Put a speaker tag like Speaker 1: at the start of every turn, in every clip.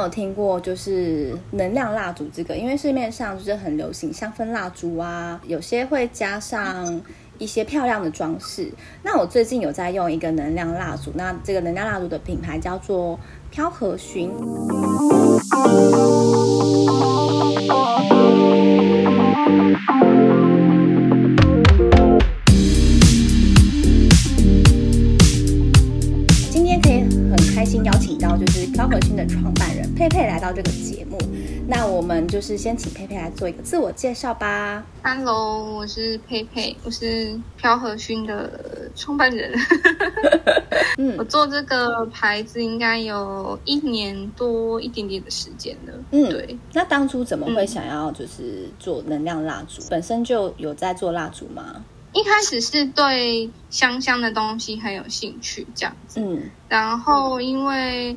Speaker 1: 我有聽過就是能量蠟燭這個，因為市面上就是很流行香氛蠟燭啊，有些會加上一些漂亮的裝飾。那我最近有在用一個能量蠟燭，那這個能量蠟燭的品牌叫做飄荷薰。邀請到就是飄荷薰的創辦人佩佩來到這個節目，那我們就是先請佩佩來做一個自我介紹吧。
Speaker 2: Hello，我是佩佩，我是飄荷薰的創辦人。 嗯、我做這個牌子應該有一年多一點點的時間了。
Speaker 1: 嗯，對。那當初怎麼會想要就是做能量蠟燭？嗯、本身就有在做蠟燭嗎？
Speaker 2: 一開始是對香香的東西很有興趣，這樣子。嗯。然後，因為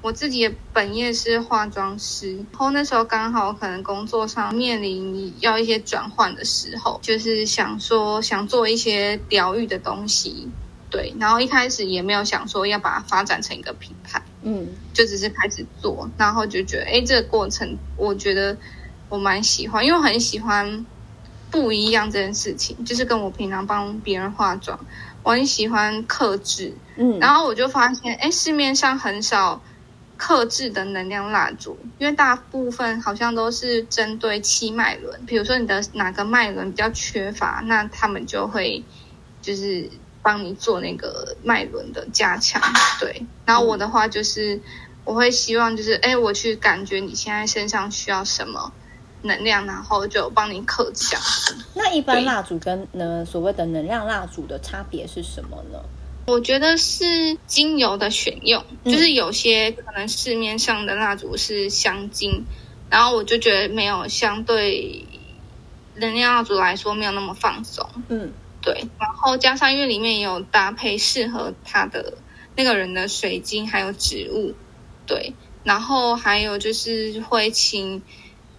Speaker 2: 我自己本業是化妝師，然後那時候剛好可能工作上面臨要一些轉換的時候，就是想說想做一些療癒的東西，對。然後一開始也沒有想說要把它發展成一個品牌，嗯，就只是開始做，然後就覺得，誒，這個過程我覺得我蠻喜歡，因為我很喜歡。不一樣這件事情，就是跟我平常幫別人化妝，我很喜歡客製，嗯，然後我就發現，哎，市面上很少客製的能量蠟燭，因為大部分好像都是針對七脈輪，比如說你的哪個脈輪比較缺乏，那他們就會就是幫你做那個脈輪的加強，對，然後我的話就是我會希望就是，哎，我去感覺你現在身上需要什麼能量，然後就幫你客製。那
Speaker 1: 一般蠟燭跟呢對所謂的能量蠟燭的差別是什麼呢？
Speaker 2: 我覺得是精油的選用，嗯、就是有些可能市面上的蠟燭是香精，嗯、然後我就覺得沒有相對能量蠟燭來說沒有那麼放鬆。嗯，對。然後加上因為裡面也有搭配適合他的那個人的水晶，還有植物。對，然後還有就是會請。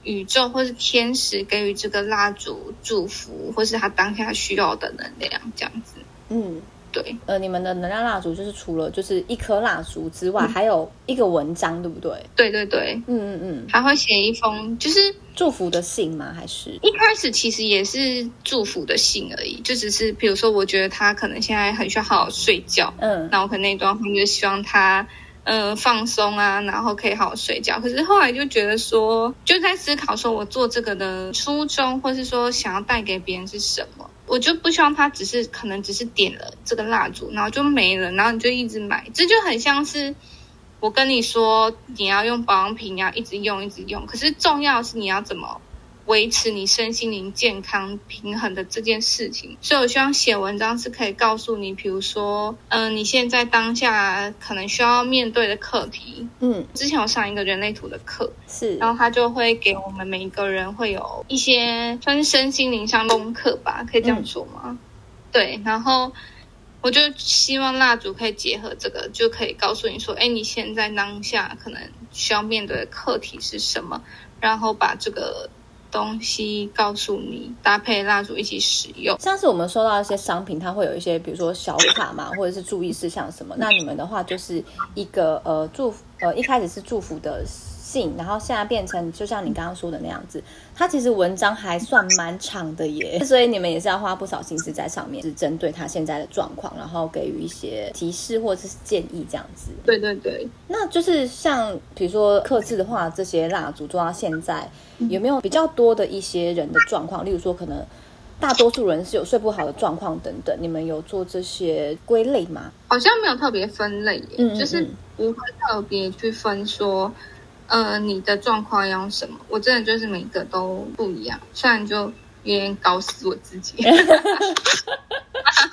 Speaker 2: 宇宙或是天使給予這個蠟燭祝福，或是他當下需要的能量，這樣子。嗯，對。
Speaker 1: 呃，你們的能量蠟燭就是除了就是一顆蠟燭之外，嗯、還有一個文章，對不對？
Speaker 2: 對對對。嗯嗯嗯。還會寫一封就是、嗯、祝福的信嗎？還是一開始其實也是祝福的信而已，就只是比如說，我覺得他可能現在很需要好好睡覺，嗯，那我可能那段話就希望他，呃，放鬆啊，然後可以好好睡覺。可是後來就覺得說，就在思考說，我做這個的初衷，或是說想要帶給別人是什麼？我就不希望他只是可能只是點了這個蠟燭，然後就沒了，然後你就一直買，這就很像是我跟你說，你要用保養品，你要一直用，一直用。可是重要是你要怎麼？維持你身心靈健康、平衡的這件事情，所以我希望寫文章是可以告訴你，比如說，嗯、呃，你現在當下可能需要面對的課題，嗯，之前我上一個人類圖的課，是，然後他就會給我們每一個人會有一些算是身心靈上功課吧，可以這樣說嗎？嗯、對，然後我就希望蠟燭可以結合這個，就可以告訴你說，哎，你現在當下可能需要面對的課題是什麼，然後把這個。東西告訴你，搭配蠟燭一起使用。上次我們收到一些商品，它會有一些，比如說小卡嘛，
Speaker 1: 或者是注意事項什麼。那你們的話就是一個呃祝福，呃一開始是祝福的。信，然後現在變成就像你剛剛說的那樣子，它其實文章還算蠻長的耶，所以你們也是要花不少心思在上面，就是針對他現在的狀況，然後給予一些提示或者是建議這樣子。對對對，那就是像比如說刻字的話，這些蠟燭做到現在有沒有比較多的一些人的狀況？例如說，可能大多數人是有睡不好的狀況等等，你們有做這些歸類嗎？
Speaker 2: 好像沒有特別分類耶，嗯嗯嗯，就是不會特別去分說。呃，你的狀況要用什麼？我真的就是每個都不一樣，雖然就有點搞死我自己，哈哈哈哈哈，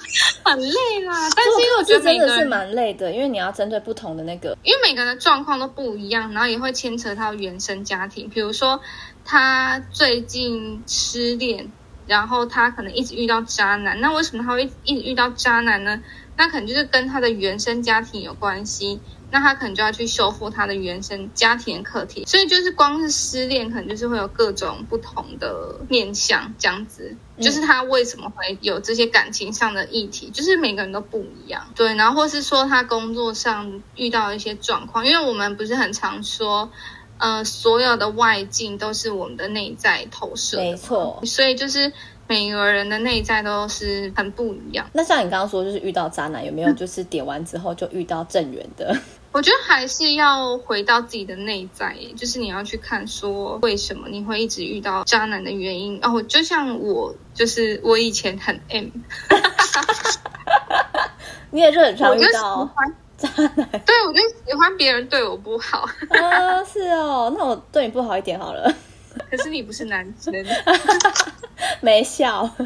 Speaker 2: 很累啦，但是因為我覺得每個真的是蠻
Speaker 1: 累的，因為你要針對不同的那個，
Speaker 2: 因為每個人的狀況都不一樣，然後也會牽扯到原生家庭。比如說他最近失戀，然後他可能一直遇到渣男，那為什麼他會一直遇到渣男呢？那可能就是跟他的原生家庭有關係。那他可能就要去修復他的原生家庭課題，所以就是光是失戀，可能就是會有各種不同的面相，這樣子，嗯、就是他為什麼會有這些感情上的議題，就是每個人都不一樣，對，然後或是說他工作上遇到一些狀況，因為我們不是很常說，呃，所有的外境都是我們的內在投射，沒錯，所以就是每個人的內在都是很不一樣。那像你剛剛說，就是遇到渣男，
Speaker 1: 有沒有就是點完之後就遇到正緣的？嗯
Speaker 2: 我覺得還是要回到自己的內在，就是你要去看說，為什麼你會一直遇到渣男的原因哦，oh, 就像我，就是我以前很 M。 你也是很常遇到渣男，對，我就喜歡別人對我不好，嗯， uh,
Speaker 1: 是哦，那我對你不好一點好了，
Speaker 2: 可是你不是男生， 沒笑，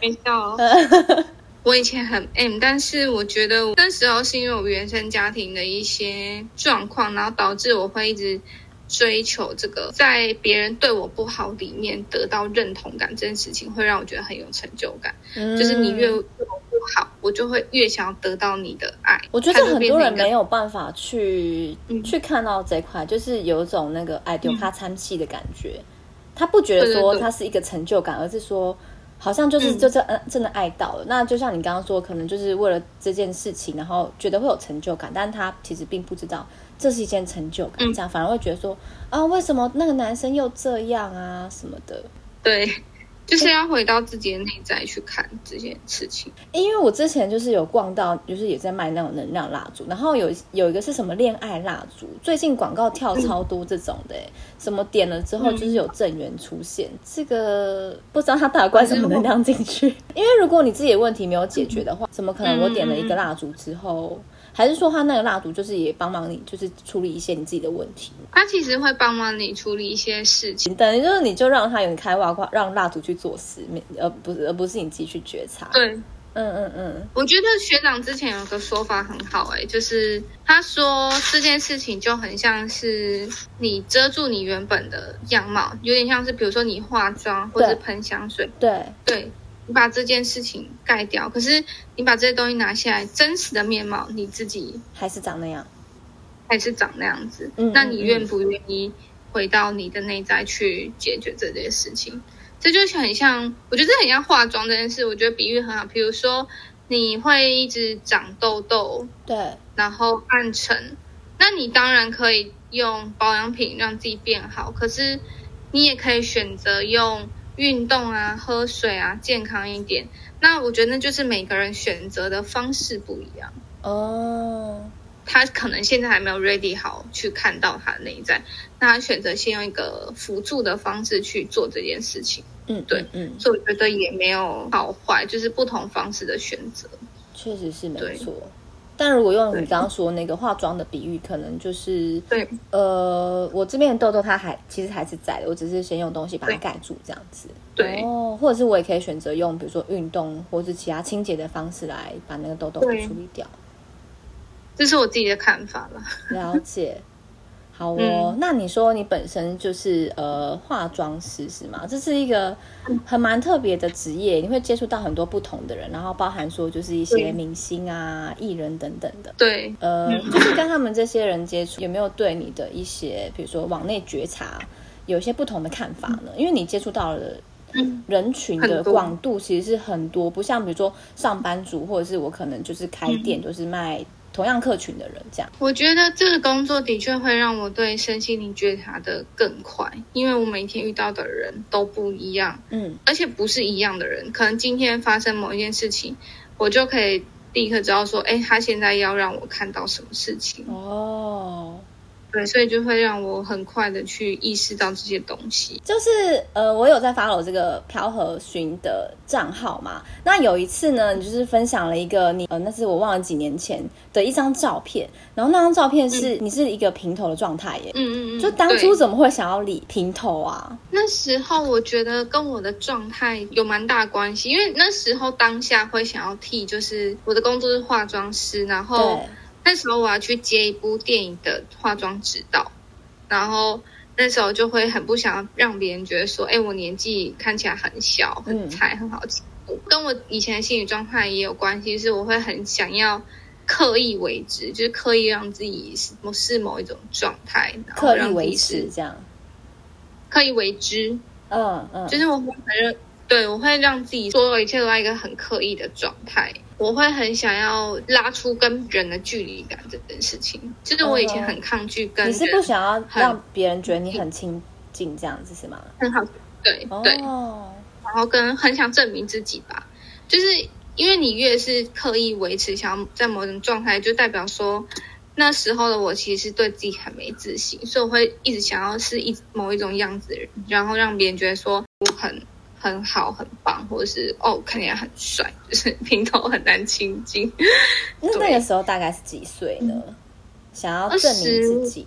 Speaker 2: 沒笑哦。 我以前很 M，但是我覺得我那時候是因為我原生家庭的一些狀況，然後導致我會一直追求這個，在別人對我不好裡面得到認同感這件事情，會讓我覺得很有成就感。嗯、就是你越對我不好，我就會越想要得到你的愛。我覺得很多人沒
Speaker 1: 有辦法去、嗯、去看到這塊，就是有一種那個愛丟他餐氣的感覺，嗯、他不覺得說他是一個成就感，對對對，而是說。好像就是就這嗯，真的愛到了。嗯、那就像你剛剛說，可能就是為了這件事情，然後覺得會有成就感，但他其實並不知道這是一件成就感，這樣、嗯、反而會覺得說啊，為什麼那個男生又這樣啊什麼的？對。
Speaker 2: 就是要回到自己的內在去看這件事
Speaker 1: 情、欸，因為我之前就是有逛到，就是也在賣那種能量蠟燭，然後有有一個是什麼戀愛蠟燭，最近廣告跳超多這種的、欸，嗯、什麼點了之後就是有正緣出現，嗯、這個不知道他打關什麼能量進去，因為如果你自己的問題沒有解決的話，怎、嗯、麼可能我點了一個蠟燭之後？還是說他那個蠟燭就是也幫忙你，就是處理一些你自己的問題。
Speaker 2: 他其實會幫忙你處理一些事
Speaker 1: 情，等於就是你就讓他有開外掛，讓蠟燭去做事，而不是，而不是你自己去覺察。對，
Speaker 2: 嗯嗯嗯。我覺得學長之前有個說法很好、欸，哎，就是他說這件事情就很像是你遮住你原本的樣貌，有點像是比如說你化妝或者噴香水。對對。對你把這件事情蓋掉，可是你把這些東西拿下來，真實的面貌你自己還是長那樣，還是長那樣子。嗯，嗯，嗯，那你願不願意回到你的內在去解決這件事情？這就很像，我覺得這很像化妝這件事。我覺得比喻很好，比如說你會一直長痘痘，對，然後暗沉，那你當然可以用保養品讓自己變好，可是你也可以選擇用。運動啊，喝水啊，健康一點。那我覺得就是每個人選擇的方式不一樣哦。他可能現在還沒有 ready 好去看到他的內在，那他選擇先用一個輔助的方式去做這件事情。嗯，
Speaker 1: 對嗯，嗯，
Speaker 2: 所以我覺得也沒有好壞，就是不同方式的選擇，
Speaker 1: 確實是沒錯。但如果用你剛剛說那個化妝的比喻，可能就是，對呃，我這邊的痘痘它還其實還是在的，我只是先用東西把它蓋住這樣子。對，對哦，或者是我也可以選擇用比如說運動或者其他清潔的方式來把那個痘痘給處理
Speaker 2: 掉。這是我自己的看法啦。 了
Speaker 1: 解。好哦，嗯、那你說你本身就是呃化妝師是嗎？這是一個很蠻特別的職業，你會接觸到很多不同的人，然後包含說就是一些明星啊、對藝人等等的。對，呃，嗯、就是跟他們這些人接觸，有沒有對你的一些比如說往內覺察，有一些不同的看法呢？嗯、因為你接觸到了人群的廣度其實是很多，很多不像比如說上班族或者是我可能就是開店，嗯、就是
Speaker 2: 賣。同樣
Speaker 1: 客群的人，這樣
Speaker 2: 我覺得這個工作的確會讓我對身心靈覺察得更快，因為我每天遇到的人都不一樣，嗯，而且不是一樣的人，可能今天發生某一件事情，我就可以立刻知道說，哎，他現在要讓我看到什麼事情哦。對，所以就會讓我很快的去意識到這些東西。就是呃，我有在 follow 這個飄荷
Speaker 1: 薰的賬號嘛？那有一次呢，你就是分享了一個你呃，那是我忘了幾年前的一張照片。然後那張照片是，嗯、你是一個平頭的狀態耶。嗯嗯嗯。就當初怎麼會想要理平頭啊？
Speaker 2: 那時候我覺得跟我的狀態有蠻大關係，因為那時候當下會想要剃，就是我的工作是化妝師，然後對。那時候我要去接一部電影的化妝指導，然後那時候就會很不想讓別人覺得說，哎，我年紀看起來很小，很菜，嗯、很好奇。我跟我以前的心理狀態也有關係，就是我會很想要刻意為之，就是刻意讓自己是某是某一種狀態，刻意，刻意為之，這樣、哦，刻意為之，嗯嗯，就是我會反正對我會讓自己所有一切都在一個很刻意的狀態。我會很想要拉出跟人的距離感，這件事情，就是我以前很抗拒跟人。哦、你是不
Speaker 1: 想要讓別人覺得你很親近這樣子是嗎？
Speaker 2: 很好，對對，哦、然後跟很想證明自己吧，就是因為你越是刻意維持想要在某種狀態，就代表說那時候的我其實對自己很沒自信，所以我會一直想要是一某一種樣子的人，然後讓別人覺得說我很。很好，很棒，或者是哦，看起來很帥，就是平頭很難親近。那那個時候大概是幾歲呢？嗯、想要證明自己，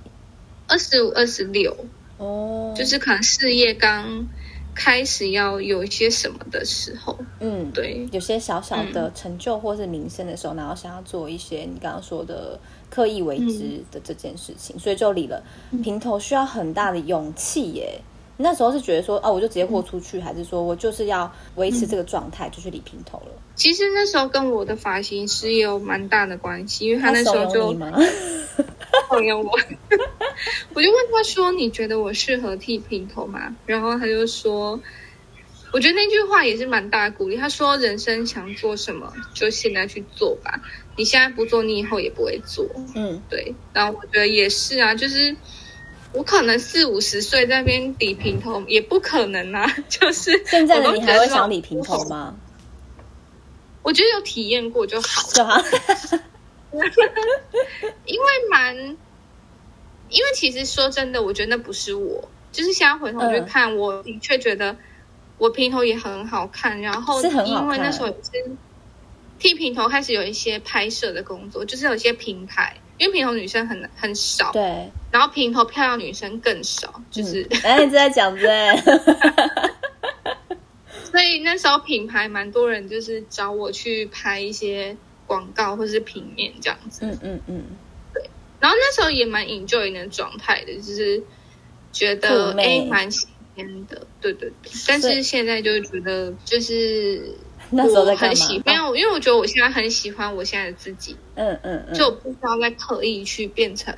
Speaker 2: 二十五、二十六哦，就是可能事業剛開始要有一些什麼的時候，嗯，
Speaker 1: 對，有些小小的成就或是名聲的時候，嗯、然後想要做一些你剛剛說的刻意為之的這件事情，嗯、所以就理了平頭，需要很大的勇氣耶。那時候是覺得說，哦，我就直接豁出去，嗯、還是說我就是要維持這個狀態、嗯、就去理平頭了？
Speaker 2: 其實那時候跟我的髮型師也有蠻大的關係，嗯、因為他那時候就我，嗯、 我就問他說：“你覺得我適合剃平頭嗎？”然後他就說：“我覺得那句話也是蠻大的鼓勵。”他說：“人生想做什麼，就現在去做吧。你現在不做，你以後也不會做。”嗯，對。然後我覺得也是啊，就是。我可能四五十歲在那邊理平頭也不可能啊，就是我我，現在的你還會想理平頭嗎？我覺得有體驗過就好了，是嗎 因為蠻，因為其實說真的，我覺得那不是我，就是現在回頭去看，嗯，我的確覺得我平頭也很好看。然後因為那時候是接剃平頭，開始有一些拍攝的工作，就是有一些平台，因為平頭女生很很少，對，然後平頭漂亮女生更少，嗯、就是哎，你在講對？ 所以那時候品牌蠻多人就是找我去拍一些廣告或是平面這樣子，嗯嗯嗯，嗯嗯對。然後那時候也蠻 enjoy 的狀態的，就是覺得哎美蠻喜歡的，對對對。以但是現在就覺得就是那時候很喜歡。嗯因為我覺得我現在很喜歡我現在的自己，嗯嗯，
Speaker 1: 嗯。嗯就
Speaker 2: 不需要再刻意去變成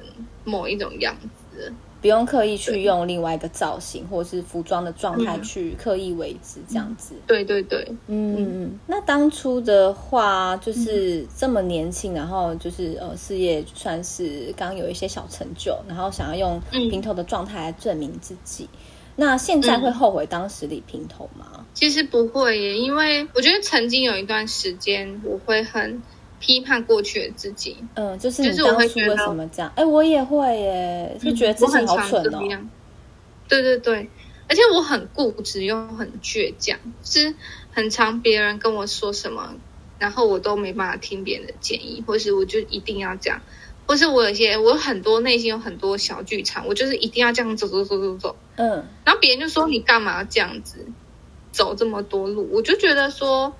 Speaker 2: 某一種樣
Speaker 1: 子，不用刻意去用另外一個造型對或是服裝的狀態去刻意為之，嗯，這樣子，嗯。對對對，嗯嗯。嗯那當初的話，就是這麼年輕，嗯，然後就是呃，事業算是剛有一些小成就，然後想要用平頭的狀態來證明自己。嗯那現在會後悔當時理平頭嗎、嗯？
Speaker 2: 其實不會耶，因為我覺得曾經有一段時間，我會很批判過去的自己。嗯，就是就是我會覺得怎麼講？哎、欸，我也會耶，嗯、就覺得自己我很常好蠢、喔、樣。對對對，而且我很固執又很倔強，是很常別人跟我說什麼，然後我都沒辦法聽別人的建議，或是我就一定要這樣，或是我有些我有很多內心有很多小劇場，我就是一定要這樣走走走走走。嗯，然後別人就說，你幹嘛要這樣子走這麼多路？我就覺得說，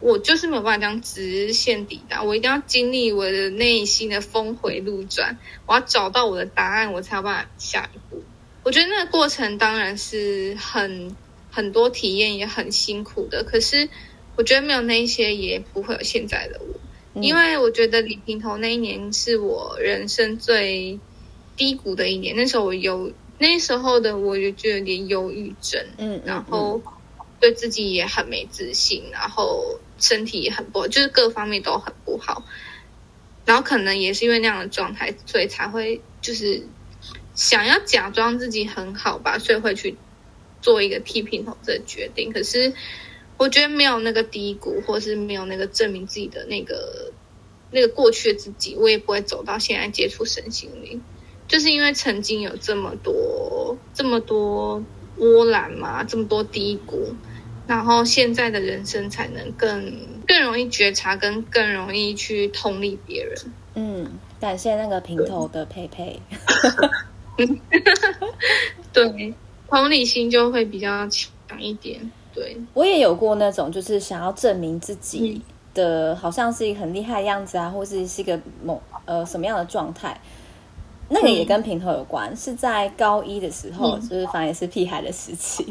Speaker 2: 我就是沒有辦法這樣直線抵達，我一定要經歷我的內心的峰回路轉，我要找到我的答案，我才有辦法下一步。我覺得那個過程當然是很很多體驗，也很辛苦的。可是我覺得沒有那些，也不會有現在的我，因為我覺得李平頭那一年是我人生最低谷的一年，那時候我有。那時候的我就覺得有點憂鬱症，嗯，然後對自己也很沒自信，嗯嗯、然後身體也很不好，就是各方面都很不好。然後可能也是因為那樣的狀態，所以才會就是想要假裝自己很好吧，所以會去做一個剃平頭這決定。可是我覺得沒有那個低谷，或是沒有那個證明自己的那個那個過去的自己，我也不會走到現在接觸身心靈。就是因為曾經有這麼多，這麼多波瀾嘛，這麼多低谷，然後現在的人生才能更更容易覺察，跟更容易去同理別人。嗯，
Speaker 1: 感謝那個平頭的珮珮。
Speaker 2: 嗯對， 對，同理心就會比較強一點。
Speaker 1: 對我也有過那種，就是想要證明自己的，好像是一個很厲害的樣子啊，嗯，或是是一個某呃什麼樣的狀態。那個也跟平頭有關，是在高一的時候，就是反正也是屁孩的時期。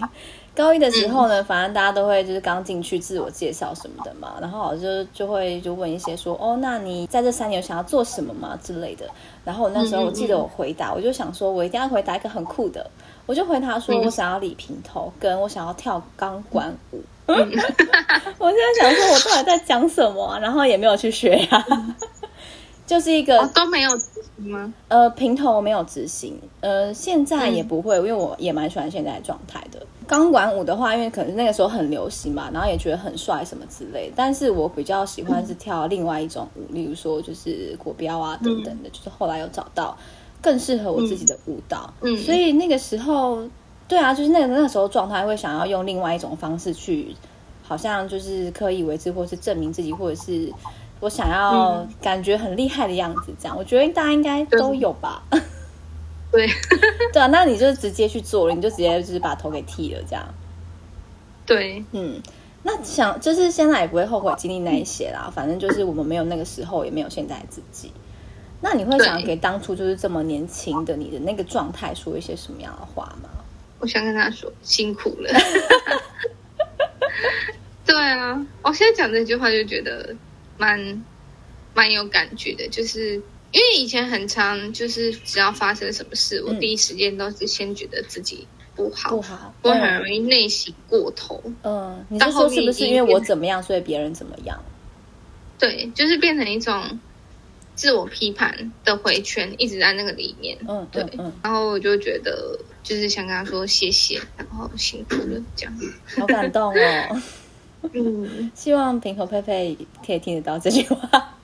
Speaker 1: 高一的時候呢，反正大家都會就是剛進去自我介紹什麼的嘛，然後老師就會就問一些說，哦，那你在這三年想要做什麼嗎之類的。然後我那時候我記得我回答，我就想說我一定要回答一個很酷的，我就回答說我想要理平頭，跟我想要跳鋼管舞。我現在想說，我到底在講什麼？然後也沒有去學呀，就是一個都沒有。嗯、呃，平頭沒有執行，呃，現在也不會，嗯、因為我也蠻喜歡現在的狀態的。鋼管舞的話，因為可能那個時候很流行嘛，然後也覺得很帥什麼之類的。但是我比較喜歡是跳另外一種舞，嗯、例如說就是國標啊等等的，嗯、就是後來有找到更適合我自己的舞蹈。嗯，嗯，所以那個時候，對啊，就是那個那個時候狀態會想要用另外一種方式去，好像就是刻意為之，或是證明自己，或者是。我想要感覺很厲害的樣子，這樣，嗯、我覺得大家應該都有吧。對， 對啊，那你就直接去做了，你就直接就是把頭給剃了，這樣。對，嗯，那想就是現在也不會後悔經歷那一些啦，嗯、反正就是我們沒有那個時候，也沒有現在自己。那你會想要給當初就是這麼年輕的你的那個狀態說一些什麼樣的話嗎？
Speaker 2: 我想跟他說辛苦了。 對啊，我現在講這句話就覺得。蠻蠻有感覺的，就是因為以前很常，就是只要發生什麼事，嗯、我第一時間都是先覺得自己不好，不好，我很容易內省過頭。嗯、呃，你後是，是不是因為我怎
Speaker 1: 麼樣，所以別人怎麼樣？
Speaker 2: 對，就是變成一種自我批判的回圈，一直在那個裡面。嗯，對，嗯嗯、然後我就覺得，就是想跟他說謝謝，然後辛苦了，這樣。好感動哦。
Speaker 1: 嗯，希望平和珮珮可以聽得到這句話。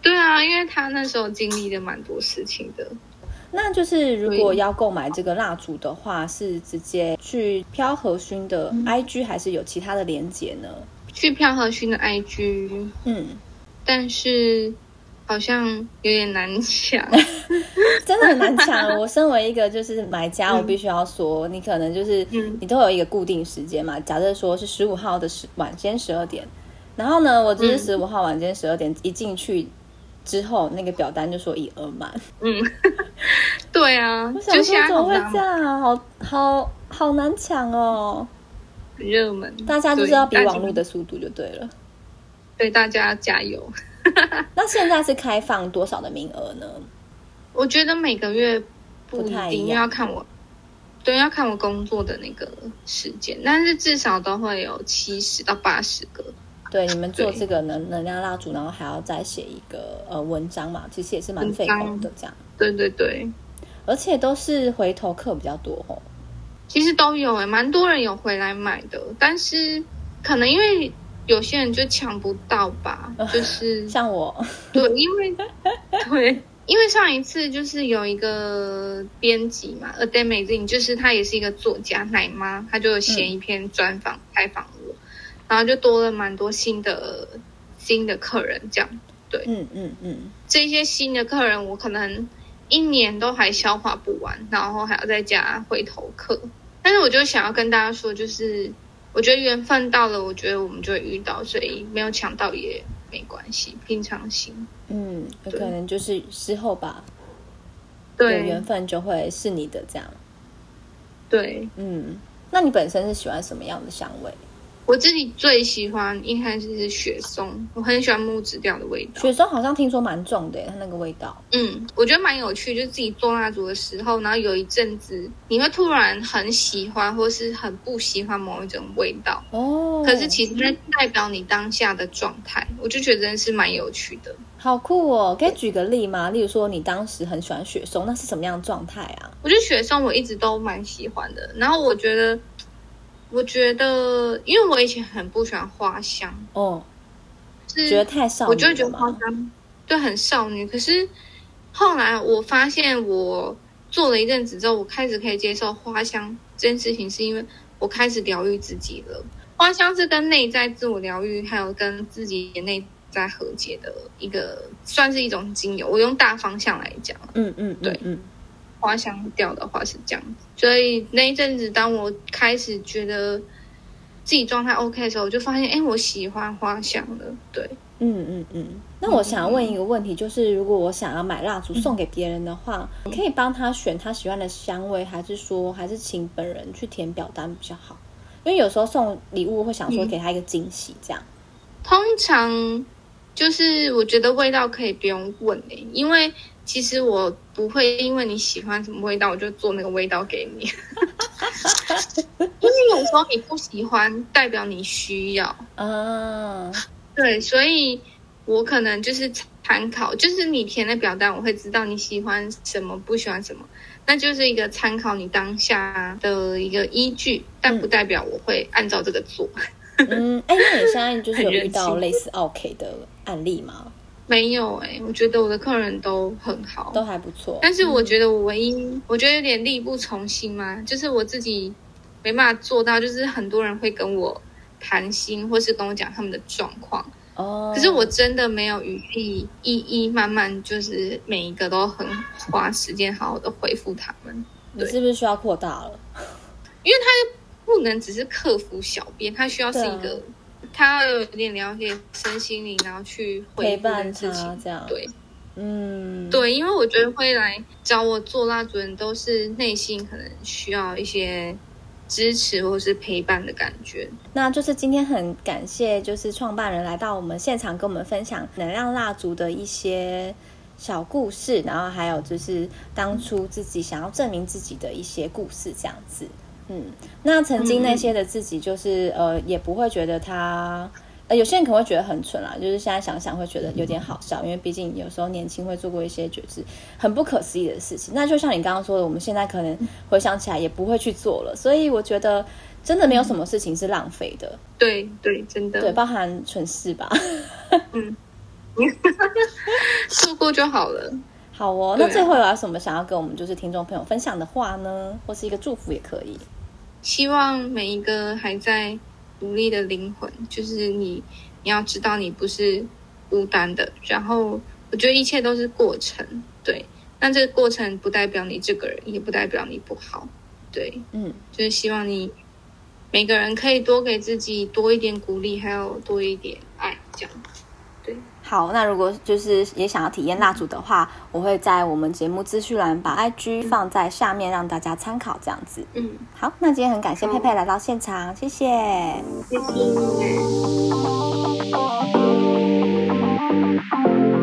Speaker 2: 對啊，因為他那時候經歷了蠻多事情的。
Speaker 1: 那就是如果要購買這個蠟燭的話，以是直接去飄荷薰的 IG，還是有其他的連結
Speaker 2: 呢？去飄荷薰的 IG。嗯，但是。好像有點難搶，
Speaker 1: 真的很難搶。 我身為一個就是買家，嗯、我必須要說，你可能就是你都有一個固定時間嘛。嗯、假設說是十五號的十晚間十二點，然後呢，我就是十五號晚間十二點一進去之後，嗯、那個表單就說已額滿。嗯，
Speaker 2: 對啊，我想說怎麼會這
Speaker 1: 樣啊？好好好難搶哦！
Speaker 2: 熱門，大家就是要比網絡的速度就對了，
Speaker 1: 對，大家，對大家加油。 那現在是開放多少的名
Speaker 2: 額呢？我覺得每個月不,
Speaker 1: 不太一定，因為要看我，
Speaker 2: 對，要看我工作的那個時間，但是至少都會有七十到八十個。對，你們做這個
Speaker 1: 能對能量蠟燭，然後還要再寫一個呃文章嘛，其實也是蠻費工的。這樣，
Speaker 2: 對對對，
Speaker 1: 而且都是回頭客比較
Speaker 2: 多哦。其實都有誒，蠻多人有回來買的，但是可能因為。有些人就搶不到吧，就是像我，對，因為，對，因為上一次就是有一個編輯嘛，A Day Magazine，就是他也是一個作家奶媽，他就有寫一篇專訪採、嗯、訪我，然後就多了蠻多新的新的客人，這樣，對，嗯嗯嗯，嗯嗯，這些新的客人我可能一年都還消化不完，然後還要再加回頭客，但是我就想要跟大家說，就是。我覺得緣分到了，我覺得我們就會遇到，所以沒有搶到也沒關係，平常心。嗯，
Speaker 1: 有可能
Speaker 2: 就是之後吧，對，緣
Speaker 1: 分就會是你的這樣。
Speaker 2: 對，嗯，那你本身是喜歡什麼樣的香味？我自己最喜歡一開始是雪松，我很喜歡木質調的味道。雪松好像聽說蠻重的，它那個味道。嗯，我覺得蠻有趣，就是自己做蠟燭的時候，然後有一陣子你會突然很喜歡，或是很不喜歡某一種味道。哦，可是其實它代表你當下的狀態，我就覺得真是蠻有趣的。
Speaker 1: 好酷哦，可以舉個例嗎？對例如說，你當時很喜歡雪松，那是什麼樣的狀態啊？
Speaker 2: 我覺得雪松我一直都蠻喜歡的，然後我覺得。我覺得，因為我以前很不喜歡花香哦，oh,
Speaker 1: 是覺得太少，我就覺
Speaker 2: 得花香得對很少女。可是後來我發現，我做了一陣子之後，我開始可以接受花香這件事情，是因為我開始療癒自己了。花香是跟內在自我療癒，還有跟自己內在和解的一個，算是一種精油。我用大方向來講，嗯嗯，對嗯。嗯對花香調的話是這樣子，所以那一陣子，當我開始覺得自己狀態 OK 的時候，我就發現，哎，我喜歡花香的。對，
Speaker 1: 嗯嗯嗯。那我想要問一個問題，嗯、就是如果我想要買蠟燭送給別人的話，你、嗯、可以幫他選他喜歡的香味，還是說，還是請本人去填表單比較好？因為有時候送禮物會想說給他一個驚
Speaker 2: 喜，嗯、這樣。通常就是我覺得味道可以不用問誒、欸，因為。其實我不會因為你喜歡什麼味道，我就做那個味道給你， 因為有時候你不喜歡，代表你需要。嗯、哦，對，所以我可能就是參考，就是你填的表單，我會知道你喜歡什麼，不喜歡什麼，那就是一個參考你當下的一個依據，但不代表我會按照這個做。嗯，哎，
Speaker 1: 那你現在就是有遇到類似 OK 的案例嗎？
Speaker 2: 沒有哎、欸，我覺得我的客人都很好，都還不錯。但是我覺得我唯一，嗯、我覺得有點力不從心嘛，就是我自己沒辦法做到，就是很多人會跟我談心，或是跟我講他們的狀況。哦，可是我真的沒有餘力一一慢慢，就是每一個都很花時間，好好的回復他們。你是不是需要擴大了？因為他不能只是客服小編，他需要是一個。他要有點了解身心靈，然後去陪伴自己，這樣。對，嗯，對，因為我覺得會來找我做蠟燭的人，都是內心可能需要一些支持或是陪伴的感覺。
Speaker 1: 那就是今天很感謝，就是創辦人來到我們現場，跟我們分享能量蠟燭的一些小故事，然後還有就是當初自己想要證明自己的一些故事，這樣子。嗯，那曾經那些的自己，就是、嗯、呃，也不會覺得他，呃，有些人可能會覺得很蠢啦。就是現在想想，會覺得有點好笑，嗯、因為畢竟有時候年輕會做過一些舉止很不可思議的事情。那就像你剛剛說的，我們現在可能回想起來也不會去做了。所以我覺得，真的沒有什麼事情是浪費的。嗯、對
Speaker 2: 對，真的。對，包
Speaker 1: 含蠢事吧。 嗯，說 過就好了。好哦，啊、那最後有什麼想要跟我們就是聽眾朋友分享的話呢？或是一個
Speaker 2: 祝福也可以。希望每一個還在努力的靈魂，就是你，你要知道你不是孤單的。然後我覺得一切都是過程，對。但這個過程不代表你這個人，也不代表你不好，對。嗯，就是希望你每個人可以多給自己多一點鼓勵，還有多一點愛，這樣，
Speaker 1: 對。好，那如果就是也想要體驗蠟燭的話，嗯、我會在我們節目資訊欄把 IG 放在下面，讓大家參考這樣子。嗯，好，那今天很感謝珮珮來到現場，嗯、謝謝，好謝謝。